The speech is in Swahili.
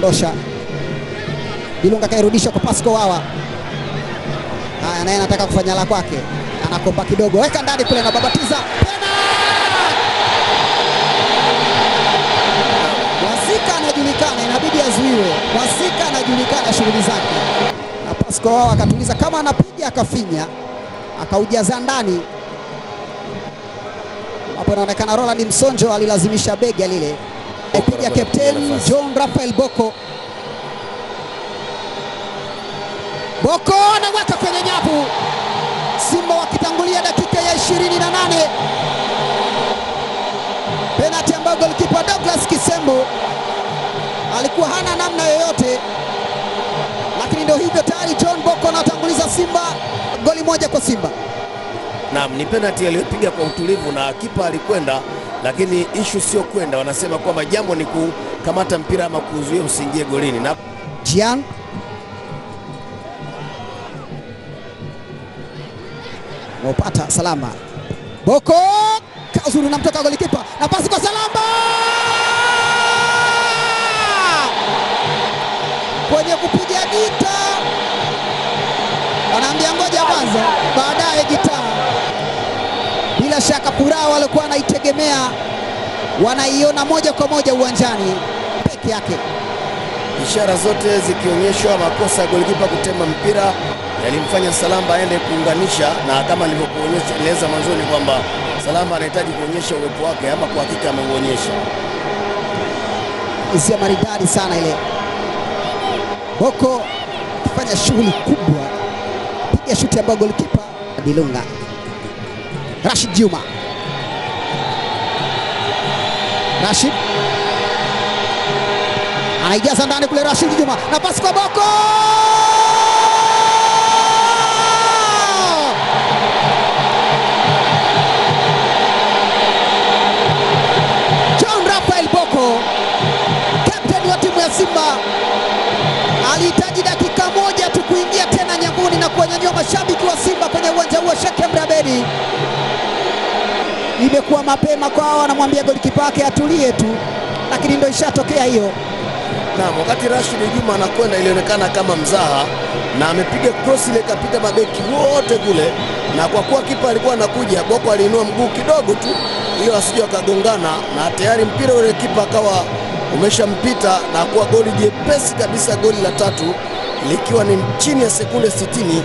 Ndosha Bilunga kairudisha kwa Pasco Wawa. Haya, naye anataka kufanya la kwake, anakopa kidogo, weka ndani kule na babatiza tena. Wasika anajulikana, inabidi azuiwe. Wasika anajulikana shughuli zake, na Pasco Wawa akatuliza, kama anapiga akafinya, akaujaza ndani hapo. Inaonekana Roland Msonjo alilazimisha bega lile anaipiga captain John Rafael Boko. Boko anaweka kwenye nyavu, Simba wakitangulia dakika ya 28 penati ambayo golikipa Douglas Kisembo alikuwa hana namna yoyote, lakini ndio hivyo tayari John Boko anatanguliza Simba goli moja kwa Simba. Naam, ni penati aliyopiga kwa utulivu na kipa alikwenda lakini ishu sio kwenda, wanasema kwamba jambo ni kukamata mpira ama kuzuia usiingie golini na Jian Mopata salama Boko kazuri na mtoka golikipa na pasi kwa salama kwenye kupiga gita, wanaambia ngoja kwanza. Kurao alikuwa anaitegemea wanaiona moja kwa moja uwanjani peke yake. Ishara zote zikionyeshwa makosa ya golikipa kutema mpira yalimfanya Salamba aende kuunganisha, na kama nilivyokuonyesha mwanzoni kwamba Salamba anahitaji kuonyesha uwepo wake, ama kwa hakika ameuonyesha. Hisia maridadi sana ile, Boko akifanya shughuli kubwa, piga shuti ambayo golikipa Dilunga Rashid Juma Rashid anaijaza ndani kule, Rashid Juma na pasi kwa Boko John Rafael Boko, kapteni wa timu ya Simba, alihitaji dakika moja tu kuingia tena nyambuni na kuwanyanyua mashabiki wa Simba kwenye uwanja huo Sheikh Emre Abedi imekuwa mapema kwao, anamwambia golikipa wake atulie tu, lakini ndio ishatokea hiyo. Naam, wakati Rashid Juma anakwenda ilionekana kama mzaha, na amepiga cross ile ikapita mabeki wote kule, na kwa kuwa kipa alikuwa anakuja, Boko aliinua mguu kidogo tu hiyo asije akagongana, na tayari mpira ule kipa akawa umeshampita na kuwa goli jepesi kabisa, goli la tatu likiwa ni chini ya sekunde sitini.